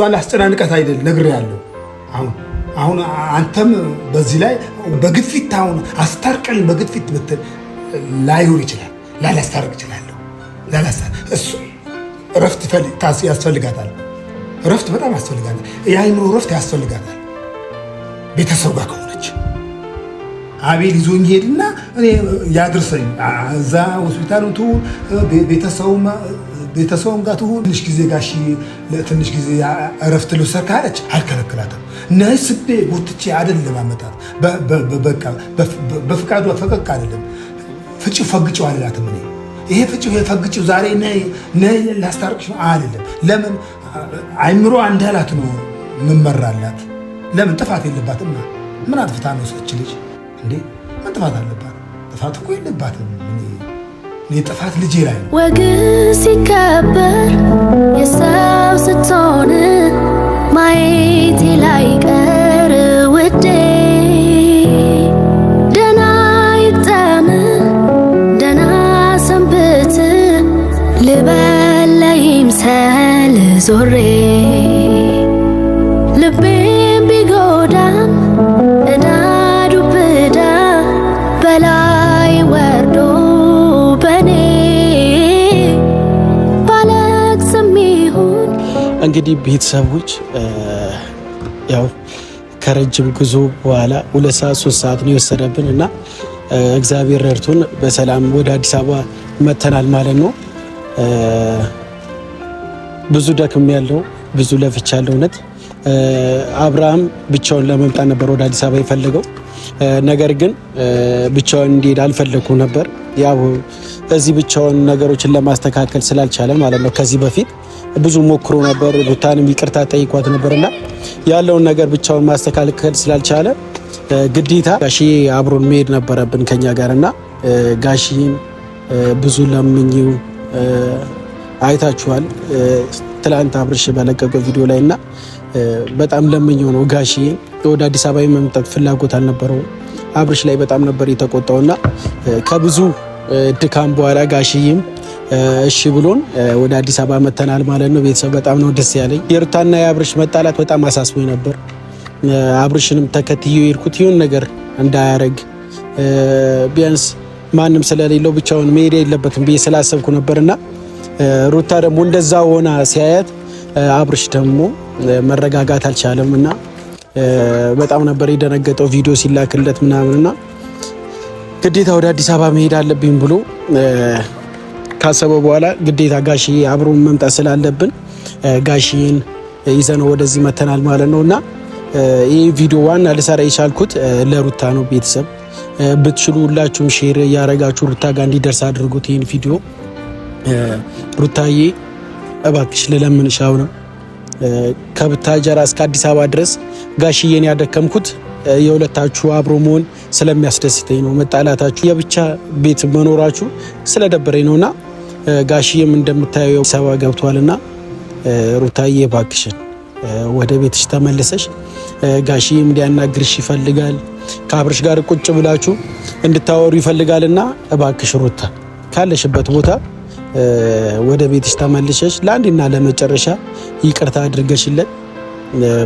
እሷን አስጨናንቀት አይደል ነግሬያለሁ። አሁን አሁን አንተም በዚህ ላይ በግፊት አሁን አስታርቀን በግፊት ብትል ላይሆን ይችላል። ላላስታርቅ እችላለሁ። እረፍት ያስፈልጋታል። እረፍት በጣም ያስፈልጋታል። የአይምሮ እረፍት ያስፈልጋታል። ቤተሰብ ጋር ከሆነች አቤል ይዞኝ ሄድና እኔ ያድርሰኝ እዛ ሆስፒታል ቤተሰቡ ቤተሰቡም ጋር ትሁን ትንሽ ጊዜ ጋሺ ትንሽ ጊዜ እረፍት ልውሰድ ካለች አልከለክላትም። ነስቤ ጎትቼ አይደለም አመጣት። በፍቃዱ ፈቀቅ አይደለም። ፍጪው ፈግጭው አልላትም እኔ ይሄ ፍጪው ፈግጭው ዛሬ ነይ ላስታርቅሽ አይደለም። ለምን አይምሮ እንዳላት ነው ምመራላት። ለምን ጥፋት የለባትም። ምን አጥፍታ ነው ሰች ልጅ እንዴ? ምን ጥፋት አለባት? ጥፋት እኮ የለባትም። የጥፋት ልጄ ላይ ነው ወግ ሲከበር የሰው ስትሆን ማየቴ ላይ ቀር ውዴ ደና ይግጠም ደና ሰንብት ልበለይም ሰል ዞሬ እንግዲህ ቤተሰቦች ያው ከረጅም ጉዞ በኋላ ሁለት ሰዓት ሶስት ሰዓት ነው የወሰደብን እና እግዚአብሔር ረድቶን በሰላም ወደ አዲስ አበባ መተናል ማለት ነው። ብዙ ደክም ያለው ብዙ ለፍቻ ያለው እውነት አብርሃም ብቻውን ለመምጣት ነበር ወደ አዲስ አበባ የፈለገው ነገር ግን ብቻውን እንዲሄድ አልፈለግኩ ነበር ያው እዚህ ብቻውን ነገሮችን ለማስተካከል ስላልቻለ ማለት ነው። ከዚህ በፊት ብዙ ሞክሮ ነበር። ሩታንም ይቅርታ ጠይቋት ነበርና ያለውን ነገር ብቻውን ማስተካከል ስላልቻለ ግዴታ ጋሺ አብሮን መሄድ ነበረብን ከኛ ጋር እና ጋሺን ብዙ ለምኝው አይታችኋል። ትላንት አብርሽ በለቀቀው ቪዲዮ ላይ እና በጣም ለምኘው ነው ጋሺ ወደ አዲስ አበባ የመምጣት ፍላጎት አልነበረው አብርሽ ላይ በጣም ነበር የተቆጣውና ከብዙ ድካም በኋላ ጋሽይም እሺ ብሎን ወደ አዲስ አበባ መተናል ማለት ነው። ቤተሰብ በጣም ነው ደስ ያለኝ። የሩታና የአብርሽ መጣላት በጣም አሳስቦኝ ነበር። አብርሽንም ተከትዮ የሄድኩት ይሁን ነገር እንዳያረግ ቢያንስ ማንም ስለሌለው ብቻውን መሄድ የለበትም ብዬ ስላሰብኩ ነበርና ሩታ ደግሞ እንደዛ ሆና ሲያያት አብርሽ ደግሞ መረጋጋት አልቻለም እና በጣም ነበር የደነገጠው ቪዲዮ ሲላክለት ምናምንና ግዴታ ወደ አዲስ አበባ መሄድ አለብኝ ብሎ ካሰበ በኋላ ግዴታ ጋሽ አብሮ መምጣት ስላለብን ጋሽን ይዘነው ወደዚህ መተናል ማለት ነው እና ይህ ቪዲዮ ዋና ልሰራ የቻልኩት ለሩታ ነው። ቤተሰብ ብትችሉ ሁላችሁም ሼር እያረጋችሁ ሩታ ጋር እንዲደርስ አድርጉት ይህን ቪዲዮ። ሩታዬ እባክሽ ልለምንሽ አሁንም ከብታጀራ እስከ አዲስ አበባ ድረስ ጋሽዬን ያደከምኩት የሁለታችሁ አብሮ መሆን ስለሚያስደስተኝ ነው። መጣላታችሁ፣ የብቻ ቤት መኖራችሁ ስለደበረኝ ነው እና ጋሽዬም እንደምታየው ሰባ ገብቷል እና ሩታዬ ባክሽን ወደ ቤትሽ ተመልሰሽ ጋሽዬም ሊያናግርሽ ይፈልጋል። ከአብርሽ ጋር ቁጭ ብላችሁ እንድታወሩ ይፈልጋል እና እባክሽ ሩታ ካለሽበት ቦታ ወደ ቤትሽ ተመልሰሽ ለአንድና ለመጨረሻ ይቅርታ አድርገሽለት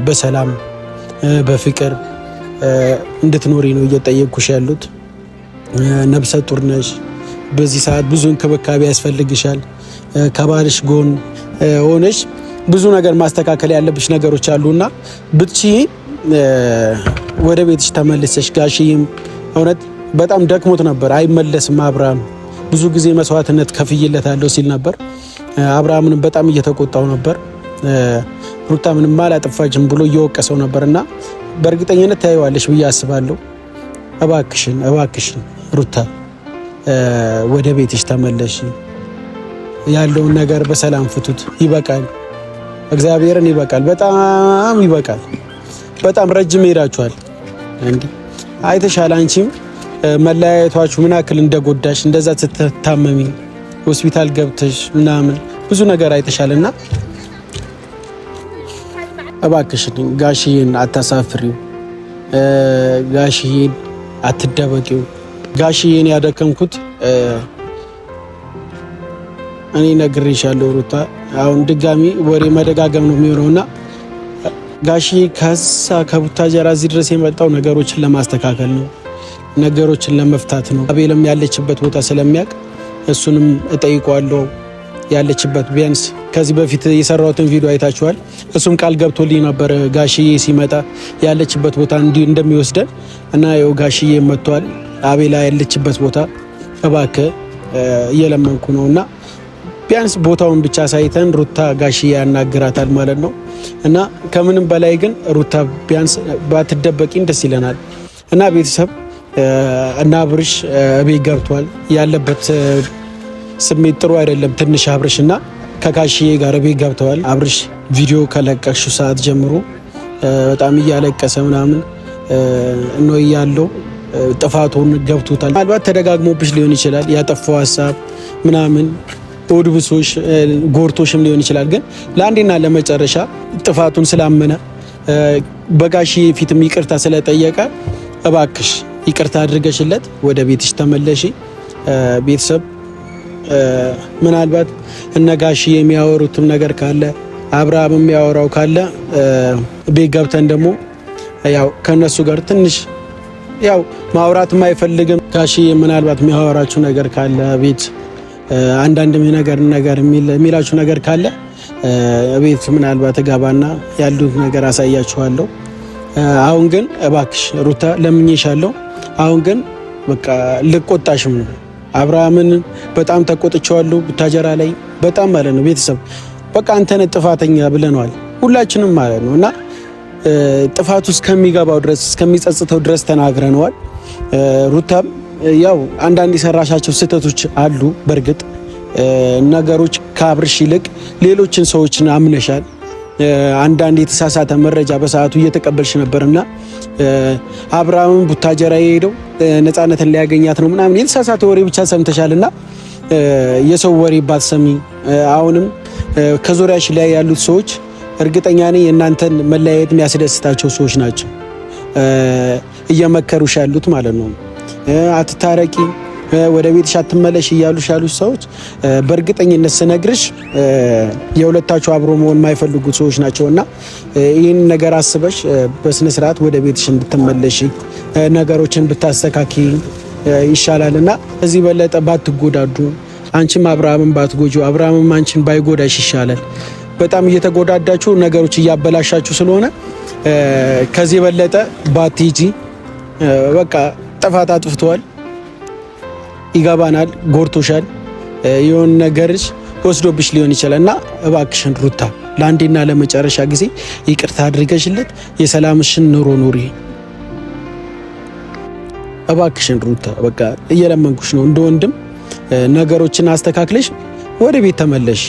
በሰላም በፍቅር እንድትኖሪ ነው እየጠየቅኩሽ ያሉት። ነብሰ ጡር ነሽ፣ በዚህ ሰዓት ብዙ እንክብካቤ ያስፈልግሻል። ከባልሽ ጎን ሆነሽ ብዙ ነገር ማስተካከል ያለብሽ ነገሮች አሉና ብቺ ወደ ቤትሽ ተመልሰሽ። ጋሽም እውነት በጣም ደክሞት ነበር። አይመለስም አብርሃም ብዙ ጊዜ መስዋዕትነት ከፍዬለታለሁ ሲል ነበር። አብርሃምንም በጣም እየተቆጣው ነበር። ሩታ ምንም አላጠፋችም ብሎ እየወቀሰው ነበርና በእርግጠኝነት ታይዋለሽ ብዬ አስባለሁ። እባክሽን እባክሽን ሩታ ወደ ቤትሽ ተመለሽ። ያለውን ነገር በሰላም ፍቱት። ይበቃል፣ እግዚአብሔርን ይበቃል፣ በጣም ይበቃል። በጣም ረጅም ሄዳችኋል። እንዲህ አይተሻል። አንቺም መለያየቷችሁ ምን ያክል እንደጎዳሽ እንደዛ ስትታመሚ ሆስፒታል ገብተሽ ምናምን ብዙ ነገር አይተሻልና እባክሽን ጋሽዬን አታሳፍሪው፣ ጋሽዬን አትደበቂው። ጋሽዬን ያደከምኩት እኔ ነግሬሻለሁ ሩታ። አሁን ድጋሚ ወሬ መደጋገም ነው የሚሆነውና ጋሽዬ ከሳ ከቡታጀራ እዚህ ድረስ የመጣው ነገሮችን ለማስተካከል ነው፣ ነገሮችን ለመፍታት ነው። አቤልም ያለችበት ቦታ ስለሚያውቅ እሱንም እጠይቋለሁ ያለችበት ቢያንስ ከዚህ በፊት የሰራሁትን ቪዲዮ አይታችኋል። እሱም ቃል ገብቶልኝ ነበር ጋሽዬ ሲመጣ ያለችበት ቦታ እንደሚወስደን እና ው ጋሽዬ መጥቷል። አቤላ ያለችበት ቦታ እባከ እየለመንኩ ነው እና ቢያንስ ቦታውን ብቻ ሳይተን ሩታ ጋሽዬ ያናግራታል ማለት ነው እና ከምንም በላይ ግን ሩታ ቢያንስ ባትደበቂን ደስ ይለናል እና ቤተሰብ እና አብርሽ ቤት ገብቷል ያለበት ስሜት ጥሩ አይደለም። ትንሽ አብርሽ እና ከካሽዬ ጋር ቤት ገብተዋል። አብርሽ ቪዲዮ ከለቀቅሽው ሰዓት ጀምሮ በጣም እያለቀሰ ምናምን እኖ እያለው ጥፋቱን ገብቶታል። ምናልባት ተደጋግሞብሽ ሊሆን ይችላል ያጠፋው ሀሳብ ምናምን ኦድብሶሽ ጎርቶሽም ሊሆን ይችላል። ግን ለአንዴና ለመጨረሻ ጥፋቱን ስላመነ በጋሽዬ ፊትም ይቅርታ ስለጠየቀ እባክሽ ይቅርታ አድርገሽለት ወደ ቤትሽ ተመለሺ ቤተሰብ ምናልባት እነጋሽ የሚያወሩትም ነገር ካለ አብርሃም የሚያወራው ካለ ቤት ገብተን ደግሞ ያው ከነሱ ጋር ትንሽ ያው ማውራት የማይፈልግም ጋሽ ምናልባት የሚያወራችሁ ነገር ካለ ቤት አንዳንድ ነገር ነገር የሚላችሁ ነገር ካለ ቤት ምናልባት እገባና ያሉት ነገር አሳያችኋለሁ። አሁን ግን እባክሽ ሩታ ለምኝሻለሁ። አሁን ግን በቃ ልቆጣሽም ነው አብርሃምን በጣም ተቆጥቼዋለሁ። ቡታጀራ ላይ በጣም ማለት ነው ቤተሰብ በቃ አንተነ ጥፋተኛ ብለነዋል ሁላችንም ማለት ነው እና ጥፋቱ እስከሚገባው ድረስ እስከሚጸጽተው ድረስ ተናግረነዋል። ሩታም ያው አንዳንድ የሰራሻቸው ስህተቶች አሉ። በእርግጥ ነገሮች ከአብርሽ ይልቅ ሌሎችን ሰዎችን አምነሻል። አንዳንድ የተሳሳተ መረጃ በሰዓቱ እየተቀበልሽ ነበርና አብርሃምን ቡታጀራ የሄደው ነፃነትን ሊያገኛት ነው ምናምን የተሳሳተ ወሬ ብቻ ሰምተሻልና የሰው ወሬ ባትሰሚ። አሁንም ከዙሪያሽ ላይ ያሉት ሰዎች እርግጠኛ ነኝ የእናንተን መለያየት የሚያስደስታቸው ሰዎች ናቸው እየመከሩሽ ያሉት ማለት ነው። አትታረቂ ወደ ቤትሽ አትመለሽ እያሉሽ ያሉሽ ሰዎች በእርግጠኝነት ስነግርሽ የሁለታችሁ አብሮ መሆን የማይፈልጉ ሰዎች ናቸው እና ይህን ነገር አስበሽ በስነ ስርዓት ወደ ቤትሽ እንድትመለሽ ነገሮችን ብታስተካኪ ይሻላል እና እዚህ በለጠ ባትጎዳዱ፣ አንቺም አብርሃምን ባትጎጂ፣ አብርሃምም አንቺን ባይጎዳሽ ይሻላል። በጣም እየተጎዳዳችሁ ነገሮች እያበላሻችሁ ስለሆነ ከዚህ በለጠ ባትሄጂ። በቃ ጥፋት አጥፍተዋል። ይገባናል፣ ጎርቶሻል፣ የሆን ነገርሽ ወስዶብሽ ሊሆን ይችላል እና እባክሽን ሩታ ለአንዴና ለመጨረሻ ጊዜ ይቅርታ አድርገሽለት የሰላምሽን ኑሮ ኑሪ። እባክሽን ሩታ በቃ እየለመንኩሽ ነው። እንደወንድም ነገሮችን አስተካክለሽ ወደ ቤት ተመለሽ።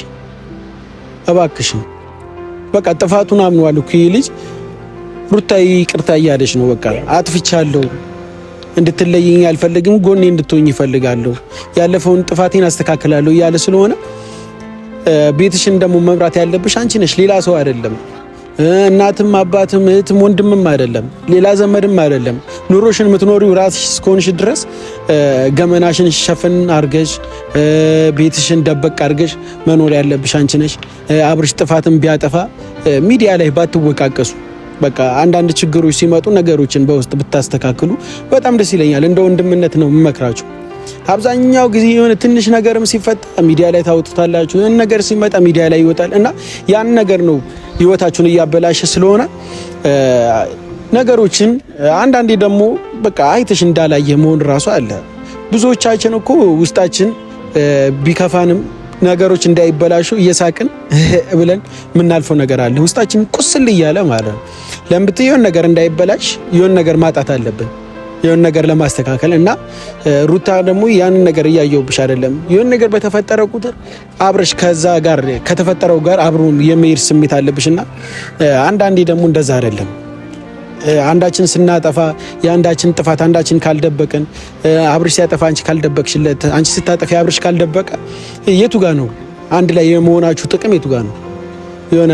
እባክሽን በቃ ጥፋቱን አምኗል እኮ ይህ ልጅ ሩታ ይቅርታ እያለች ነው። በቃ አጥፍቻለሁ እንድትለይኝ አልፈልግም፣ ጎኔ እንድትሆኝ ይፈልጋለሁ፣ ያለፈውን ጥፋቴን አስተካክላለሁ እያለ ስለሆነ ቤትሽን ደግሞ መምራት ያለብሽ አንቺ ነሽ፣ ሌላ ሰው አይደለም። እናትም አባትም እህትም ወንድምም አይደለም፣ ሌላ ዘመድም አይደለም። ኑሮሽን የምትኖሪው ራስሽ እስከሆንሽ ድረስ ገመናሽን ሸፍን አርገሽ ቤትሽን ደበቅ አርገሽ መኖር ያለብሽ አንቺ ነሽ። አብርሽ ጥፋትን ቢያጠፋ ሚዲያ ላይ ባትወቃቀሱ በቃ አንዳንድ ችግሮች ሲመጡ ነገሮችን በውስጥ ብታስተካክሉ በጣም ደስ ይለኛል። እንደ ወንድምነት ነው የምመክራችሁ። አብዛኛው ጊዜ የሆነ ትንሽ ነገርም ሲፈጠር ሚዲያ ላይ ታወጡታላችሁ። የሆነ ነገር ሲመጣ ሚዲያ ላይ ይወጣል እና ያን ነገር ነው ህይወታችሁን እያበላሸ ስለሆነ ነገሮችን አንዳንዴ ደግሞ በቃ አይተሽ እንዳላየ መሆን ራሱ አለ። ብዙዎቻችን እኮ ውስጣችን ቢከፋንም ነገሮች እንዳይበላሹ እየሳቅን ብለን የምናልፈው ነገር አለ። ውስጣችን ቁስል እያለ ማለት ነው። ለምብት የሆን ነገር እንዳይበላሽ የሆን ነገር ማጣት አለብን የሆን ነገር ለማስተካከል እና ሩታ ደግሞ ያንን ነገር እያየውብሽ አይደለም። የሆን ነገር በተፈጠረ ቁጥር አብረሽ ከዛ ጋር ከተፈጠረው ጋር አብሮ የመሄድ ስሜት አለብሽ እና አንዳንዴ ደግሞ እንደዛ አይደለም አንዳችን ስናጠፋ የአንዳችን ጥፋት አንዳችን ካልደበቅን አብርሽ ሲያጠፋ አንቺ ካልደበቅሽለት፣ አንቺ ስታጠፊ አብርሽ ካልደበቀ የቱ ጋ ነው አንድ ላይ የመሆናችሁ ጥቅም? የቱ ጋ ነው የሆነ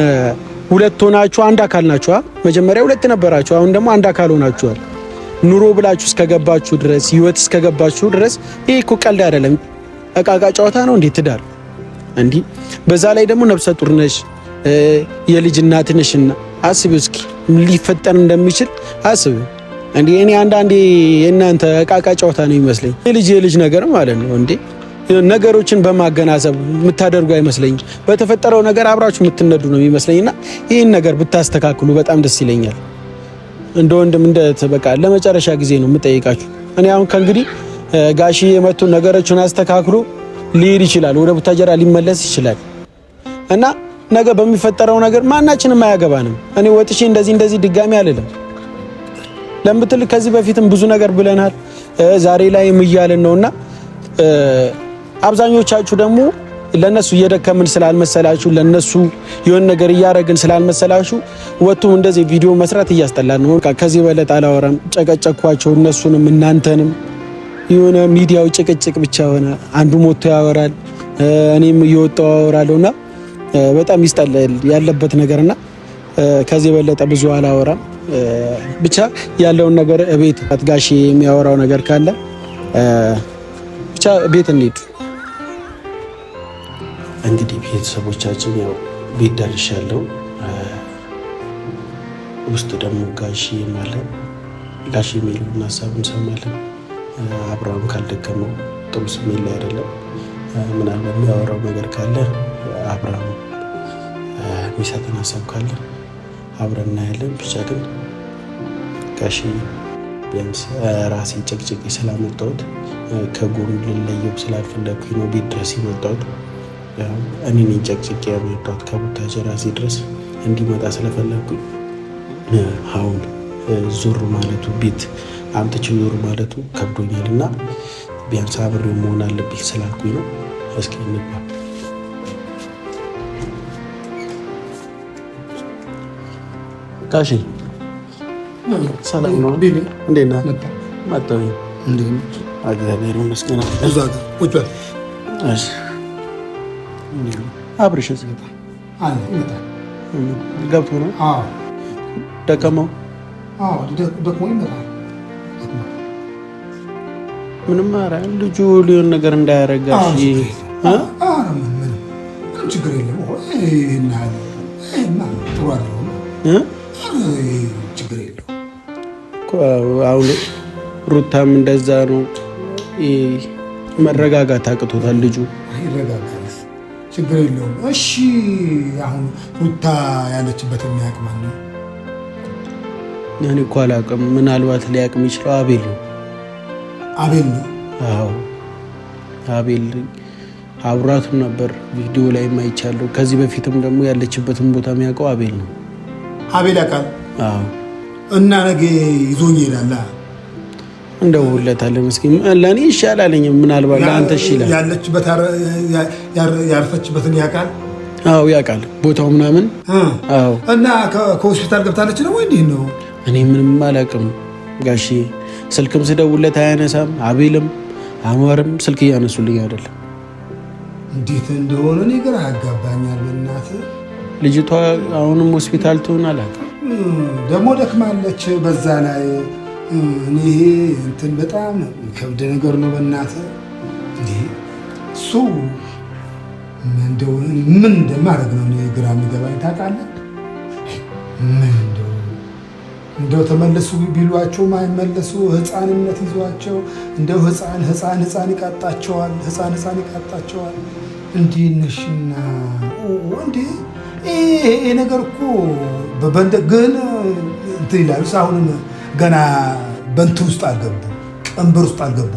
ሁለት ሆናችሁ አንድ አካል ናችሁ። መጀመሪያ ሁለት ነበራችሁ፣ አሁን ደግሞ አንድ አካል ሆናችኋል። ኑሮ ብላችሁ እስከገባችሁ ድረስ ህይወት እስከገባችሁ ድረስ ይህ እኮ ቀልድ አይደለም፣ እቃቃ ጨዋታ ነው እንዴት ትዳር? እንዲህ በዛ ላይ ደግሞ ነብሰ ጡር ነሽ የልጅ እናትንሽና አስብ እስኪ ሊፈጠር እንደሚችል አስብ። እንዴ እኔ አንዳንዴ የእናንተ እቃቃ ጨዋታ ነው ይመስለኝ። የልጅ የልጅ ነገር ማለት ነው እንዴ ነገሮችን በማገናዘብ የምታደርጉ አይመስለኝ። በተፈጠረው ነገር አብራችሁ የምትነዱ ነው የሚመስለኝና ይህን ነገር ብታስተካክሉ በጣም ደስ ይለኛል። እንደ ወንድም እንደ በቃ ለመጨረሻ ጊዜ ነው የምጠይቃችሁ። እኔ አሁን ከእንግዲህ ጋሺ የመቱ ነገሮችን አስተካክሎ ሊሄድ ይችላል፣ ወደ ቡታጀራ ሊመለስ ይችላል እና ነገ በሚፈጠረው ነገር ማናችንም አያገባንም። እኔ ወጥቼ እንደዚህ እንደዚህ ድጋሚ አልልም። ለምትል ከዚህ በፊትም ብዙ ነገር ብለናል፣ ዛሬ ላይም እያልን ነውና አብዛኞቻችሁ ደግሞ ለነሱ እየደከምን ስላልመሰላችሁ ለነሱ የሆን ነገር እያደረግን ስላልመሰላችሁ ወጡም እንደዚህ ቪዲዮ መስራት እያስጠላን ነው። ከዚህ በለጥ አላወራም። ጨቀጨኳቸው፣ እነሱንም እናንተንም። የሆነ ሚዲያው ጭቅጭቅ ብቻ ሆነ። አንዱ ሞቶ ያወራል፣ እኔም እየወጣው አወራለሁና በጣም ይስጠላል ያለበት ነገርና ከዚህ የበለጠ ብዙ አላወራም። ብቻ ያለውን ነገር ቤት አትጋሽ የሚያወራው ነገር ካለ ብቻ ቤት እንሂድ። እንግዲህ ቤተሰቦቻችን ያው ቤት ደርሻለሁ። ውስጥ ደግሞ ጋሽ አለ። ጋሽ የሚሉን ሀሳብ እንሰማለን። አብርሃም ካልደከመው ጥሩ ስሜት ላይ አይደለም። ምናልባት የሚያወራው ነገር ካለ አብረን የሚሰጠን ሀሳብ ካለ አብረን እናያለን። ብቻ ግን ጋሽ ቢያንስ ራሴን ጨቅጨቄ ስላመጣሁት ከጎኑ ልለየው ስላልፈለግኩኝ ነው ቤት ድረስ የመጣሁት። እኔን ጨቅጨቄ ያመጣሁት ከቡታጀራ እዚህ ድረስ እንዲመጣ ስለፈለግኩኝ አሁን ዞር ማለቱ ቤት አምጥቼው ዞር ማለቱ ከብዶኛል እና ቢያንስ አብሬው መሆን አለብኝ ስላልኩኝ ነው። እስኪ እንግባ ጋሼ ሰላም ነው? ምንም ኧረ ልጁ ሊሆን ነገር እንዳያረጋ ችግር የለም ችግር ሩታም እንደዛ ነው። መረጋጋት አቅቶታል ልጁ ይረጋጋልስ ችግር የለውም። እሺ አሁን ሩታ ያለችበት የሚያውቅ ማን ነው? እኔ እኮ አላውቅም። ምናልባት ሊያውቅ የሚችለው አቤል ነው። አቤል ነው? አዎ አቤል አብራቱ ነበር ቪዲዮ ላይ ማይቻለሁ። ከዚህ በፊትም ደግሞ ያለችበትን ቦታ የሚያውቀው አቤል ነው። አቤል አካል እና ነገ ይዞኝ ይሄዳል። እንደውለታለን እስኪ ለእኔ ይሻላለኝ፣ ምናልባት ለአንተ ይሻላል። ያረፈችበትን ያውቃል። አዎ ያውቃል፣ ቦታው ምናምን። አዎ እና ከሆስፒታል ገብታለች ነው ወይ እንዲህ ነው? እኔ ምንም አላውቅም ጋሺ። ስልክም ስደውለት አያነሳም። አቤልም አማርም ስልክ እያነሱልኝ አይደለም። እንዴት እንደሆነ እኔ ግራ አጋባኛል እናት ልጅቷ አሁንም ሆስፒታል ትሆን አላት። ደግሞ ደክማለች። በዛ ላይ ይሄ እንትን በጣም ከብድ ነገር ነው። በእናተ እሱ ምን ማድረግ ነው ግራ የሚገባኝ ታውቃለህ። ምን እንደው ተመለሱ ቢሏቸው ማይመለሱ ህፃንነት ይዟቸው እንደው ህፃን ህፃን ህፃን ይቃጣቸዋል። ህፃን ህፃን ይቃጣቸዋል። እንዲህ ነሽና እንዲህ ይሄ ነገር እኮ ግን እንትን ይላሉ። አሁንም ገና በእንትን ውስጥ አልገቡ፣ ቀንበር ውስጥ አልገቡ፣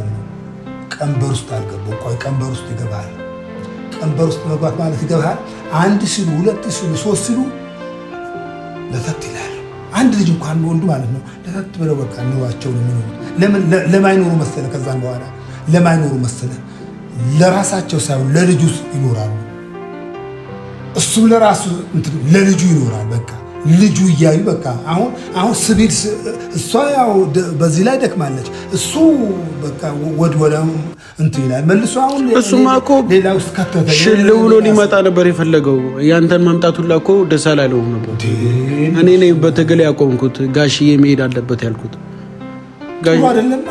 ቀንበር ውስጥ አልገቡ። ቆይ ቀንበር ውስጥ ይገባል። ቀንበር ውስጥ መግባት ማለት ይገባል። አንድ ሲሉ ሁለት ሲሉ ሶስት ሲሉ ለተት ይላል። አንድ ልጅ እንኳን ወንዱ ማለት ነው ለተት ብለው በቃ ኑሯቸው ነው የሚኖሩት። ለማይኖሩ መሰለ ከዛም በኋላ ለማይኖሩ መሰለ ለራሳቸው ሳይሆን ለልጁ ይኖራሉ። እሱ ለራሱ ለልጁ ይኖራል። በቃ ልጁ እያዩ በቃ አሁን አሁን ስቢል እሷ ያው በዚህ ላይ ደክማለች። እሱ በቃ ይላል መልሶ። አሁን እሱማ እኮ ሽል ብሎ ሊመጣ ነበር የፈለገው። ያንተን መምጣት ሁላ እኮ ደስ አላለውም ነበር። እኔ ነኝ በትግል ያቆምኩት ጋሽዬ መሄድ አለበት ያልኩት። ጥሩ አይደለም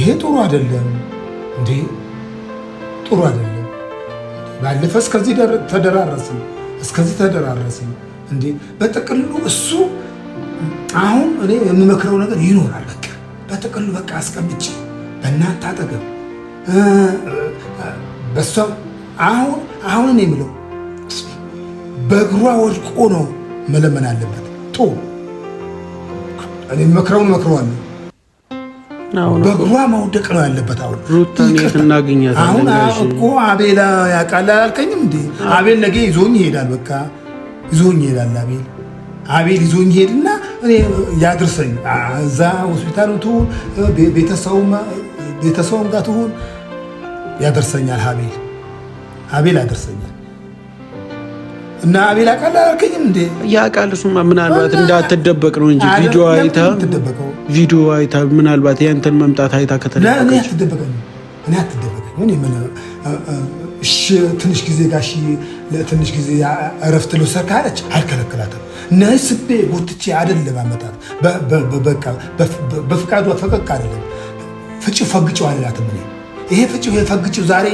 ይሄ ጥሩ አይደለም እንዴ! ጥሩ አይደለም ባለፈ እስከዚህ ተደራረስን እስከዚህ ተደራረስን። እንዴ በጥቅሉ እሱ አሁን እኔ የምመክረው ነገር ይኖራል። በቃ በጥቅሉ በቃ አስቀምጭ በእናንተ አጠገብ በሷ አሁን አሁን እኔ የምለው በእግሯ ወድቆ ነው መለመን አለበት። ጦ እኔ መክረውን መክረዋለሁ በእግሯ መውደቅ ነው ያለበት። አሁን ሩታን የት እናገኛታለን? አሁን እኮ አቤል ያውቃል አላልከኝም እንዴ? አቤል ነገ ይዞኝ ይሄዳል። በቃ ይዞኝ ይሄዳል አቤል አቤል ይዞኝ ይሄድና እኔ ያድርሰኝ። እዛ ሆስፒታሉ ትሁን ቤተሰቡም ጋር ትሁን ያደርሰኛል። አቤል አቤል ያደርሰኛል። እና አቤል አቃል አላልከኝም እንዴ? ያቃል እሱማ ምናልባት እንዳትደበቅ ነው እንጂ ቪዲዮ አይታ ቪዲዮ አይታ ምናልባት ያንተን መምጣት አይታ ከተደበቀች ትንሽ ጊዜ ጋሺ ለትንሽ ጊዜ እረፍት ልውሰድ ካለች አልከለክላትም። ስቤ ጎትቼ አይደለም አመጣት በቃ በፍቃዷ ፈቀቅ አይደለም ፍጭ ፈግጨው አልላትም እኔ ይሄ ፍጭ ፍጪው ፈግጭ ዛሬ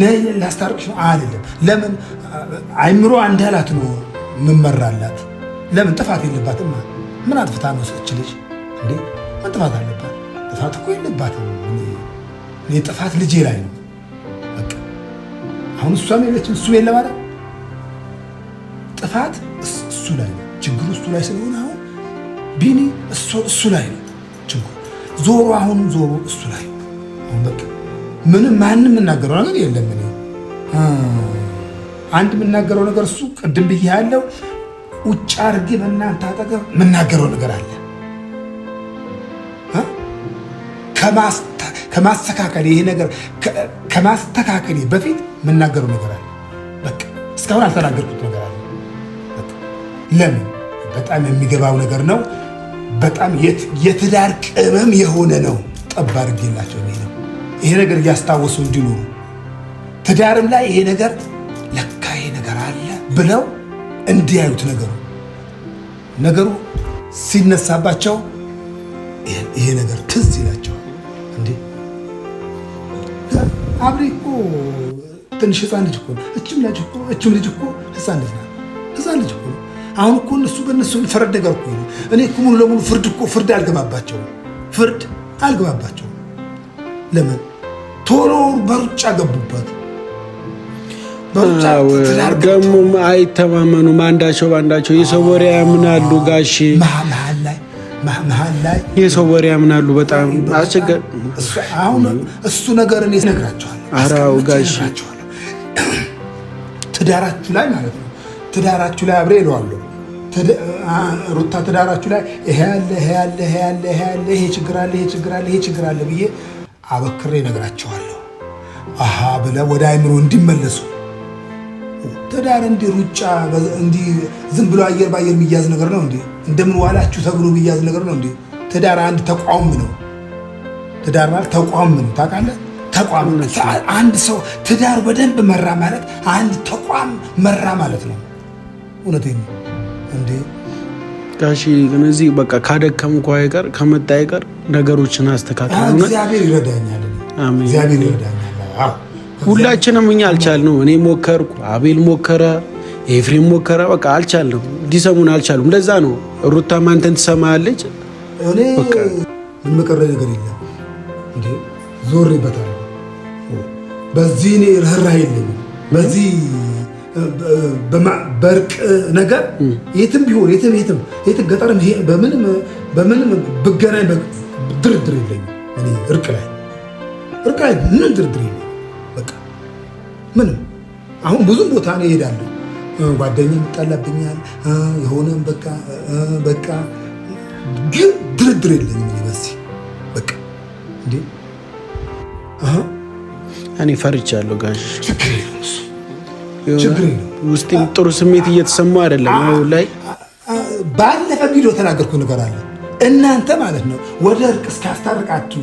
ነይ ላስታርቅሽ ነው አይደለም። ለምን አይምሮ አንድ ነው የምመራላት። ለምን ጥፋት የለባትም። ምን አጥፍታ ነው ሰች ልጅ እንዴ? ምን ጥፋት አለባት? ጥፋት እኮ የለባትም። እኔ ጥፋት ልጄ ላይ ነው። በቃ አሁን እሷም የለችም እሱ የለም አይደል? ጥፋት እሱ ላይ ነው ችግሩ፣ እሱ ላይ ስለሆነ አሁን ቢኒ እሱ ላይ ነው ችግሩ። ዞሮ አሁን ዞሮ እሱ ላይ አሁን በቃ ምንም ማንም የምናገረው ነገር የለም። እኔ አንድ የምናገረው ነገር እሱ ቅድም ብዬ ያለው ውጭ አድርጌ በእናንተ አጠገብ የምናገረው ነገር አለ ከማስተካከል ይሄ ነገር ከማስተካከል በፊት የምናገረው ነገር አለ። በቃ እስካሁን አልተናገርኩት ነገር አለ። ለምን በጣም የሚገባው ነገር ነው። በጣም የትዳር ቅመም የሆነ ነው። ጠብ አድርጌላቸው ይሄ ነገር እያስታወሱ እንዲኖሩ ትዳርም ላይ ይሄ ነገር ለካ ይሄ ነገር አለ ብለው እንዲያዩት ነገሩ ነገሩ ሲነሳባቸው ይሄ ነገር ትዝ ይላቸው እንዴ አብሬ እኮ ትንሽ ህፃን ልጅ እኮ እችም ልጅ እኮ ህፃን ልጅ ናት፣ ህፃን ልጅ እኮ አሁን እኮ እነሱ በእነሱ የሚፈረድ ነገር እኮ ነው። እኔ እኮ ሙሉ ለሙሉ ፍርድ እኮ ፍርድ አልገባባቸውም፣ ፍርድ አልገባባቸውም። ለምን ቶሎ በሩጫ ገቡበት። ደግሞም አይተማመኑም አንዳቸው በአንዳቸው። የሰው ወሬ ያምናሉ። ጋሼ የሰው ወሬ ያምናሉ። በጣም አስቸጋሪ እሱ ነገር እኔ እነግራቸዋለሁ። አራው ትዳራችሁ ላይ ማለት ነው። ትዳራችሁ ላይ አብሬ እለዋለሁ። ሩታ ትዳራችሁ ላይ ይሄ ያለ ይሄ ያለ ይሄ ያለ ይሄ ችግር አለ ይሄ ችግር አለ ይሄ ችግር አለ ብዬ አበክሬ ነግራቸዋለሁ። አሃ ብለ ወደ አይምሮ እንዲመለሱ ትዳር እንዲህ ሩጫ እንዲህ ዝም ብሎ አየር ባየር የሚያዝ ነገር ነው እንዴ? እንደምን ዋላችሁ ተብሎ የሚያዝ ነገር ነው እንዴ? ትዳር አንድ ተቋም ነው። ትዳር ማለት ተቋም ነው። ታውቃለህ? ተቋም አንድ ሰው ትዳር በደንብ መራ ማለት አንድ ተቋም መራ ማለት ነው። እውነቴን እንዴ? ጋሺ ግን እዚህ በቃ ካደከም ካደከምኩ አይቀር ከመጣ አይቀር ነገሮችን አስተካክል። ሁላችንም እኛ አልቻልነው። እኔ ሞከርኩ፣ አቤል ሞከረ፣ ኤፍሬም ሞከረ። በቃ አልቻልንም፣ እንዲሰሙን አልቻሉም። ለዛ ነው ሩታ ማንተን ትሰማለች። እኔ የምቀረ ነገር የለም እንዴ ዞሬበታል። በዚህ እኔ ርህራሄ የለኝም በዚህ በርቅ ነገር የትም ቢሆን የትም የትም የትም ገጠርም በምንም በምንም ብገናኝ ድርድር የለኝም። እኔ እርቅ ላይ እርቅ ላይ ምንም ድርድር የለኝም። በቃ ምንም አሁን ብዙም ቦታ ነው እሄዳለሁ። ጓደኛ ይጣላብኛል የሆነም በቃ በቃ ግን ድርድር የለኝም። በዚህ በቃ እንዴ እኔ ፈርቻለሁ ጋሽ ውስጤም ጥሩ ስሜት እየተሰማ አይደለም። አሁን ላይ ባለፈ ቪዲዮ ተናገርኩ ነገር አለ እናንተ ማለት ነው ወደ እርቅ እስካስታርቃችሁ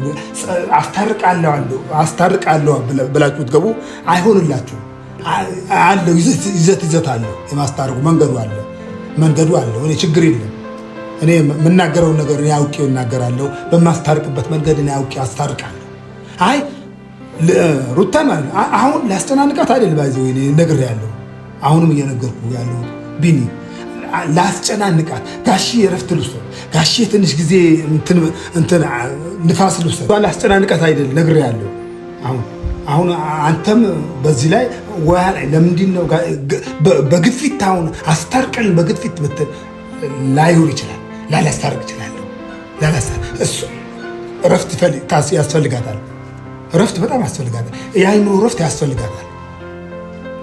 አስታርቃለሁ ብላችሁ ትገቡ አይሆንላችሁ አለው ይዘት ይዘት አለው። የማስታረቁ መንገዱ አለ መንገዱ አለ። እኔ ችግር የለም። እኔ የምናገረውን ነገር አውቄ እናገራለሁ። በማስታርቅበት መንገድ አውቄ አስታርቃለሁ። አይ ሩታ ማለት ነው። አሁን ላስጨናንቃት አይደል ባዚ ወይ ነገር ያለው አሁንም እየነገርኩ ያለው ቢኒ ላስጨናንቃት ጋሺ እረፍት ልውሰድ፣ ጋሺ ትንሽ ጊዜ እንትን እንትን ንፋስ ልውሰድ። ላስጨናንቃት አይደል ነገር ያለው አሁን አሁን አንተም በዚህ ላይ ወያ ላይ ለምንድን ነው በግፊት አሁን አስታርቀን በግፊት ብትል ላይሆን ይችላል፣ ላላስታርቅ ይችላለሁ። እሱ እረፍት ያስፈልጋታል። እረፍት በጣም ያስፈልጋታል። የአይምሮ እረፍት ያስፈልጋታል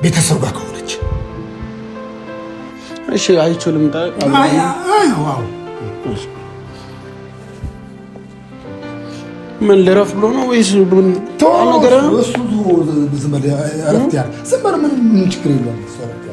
ቤተሰብ ጋር ከሆነች። እሺ ልምጣ ምን ልረፍ ብሎ ነው ወይስ ምን ችግር የለውም።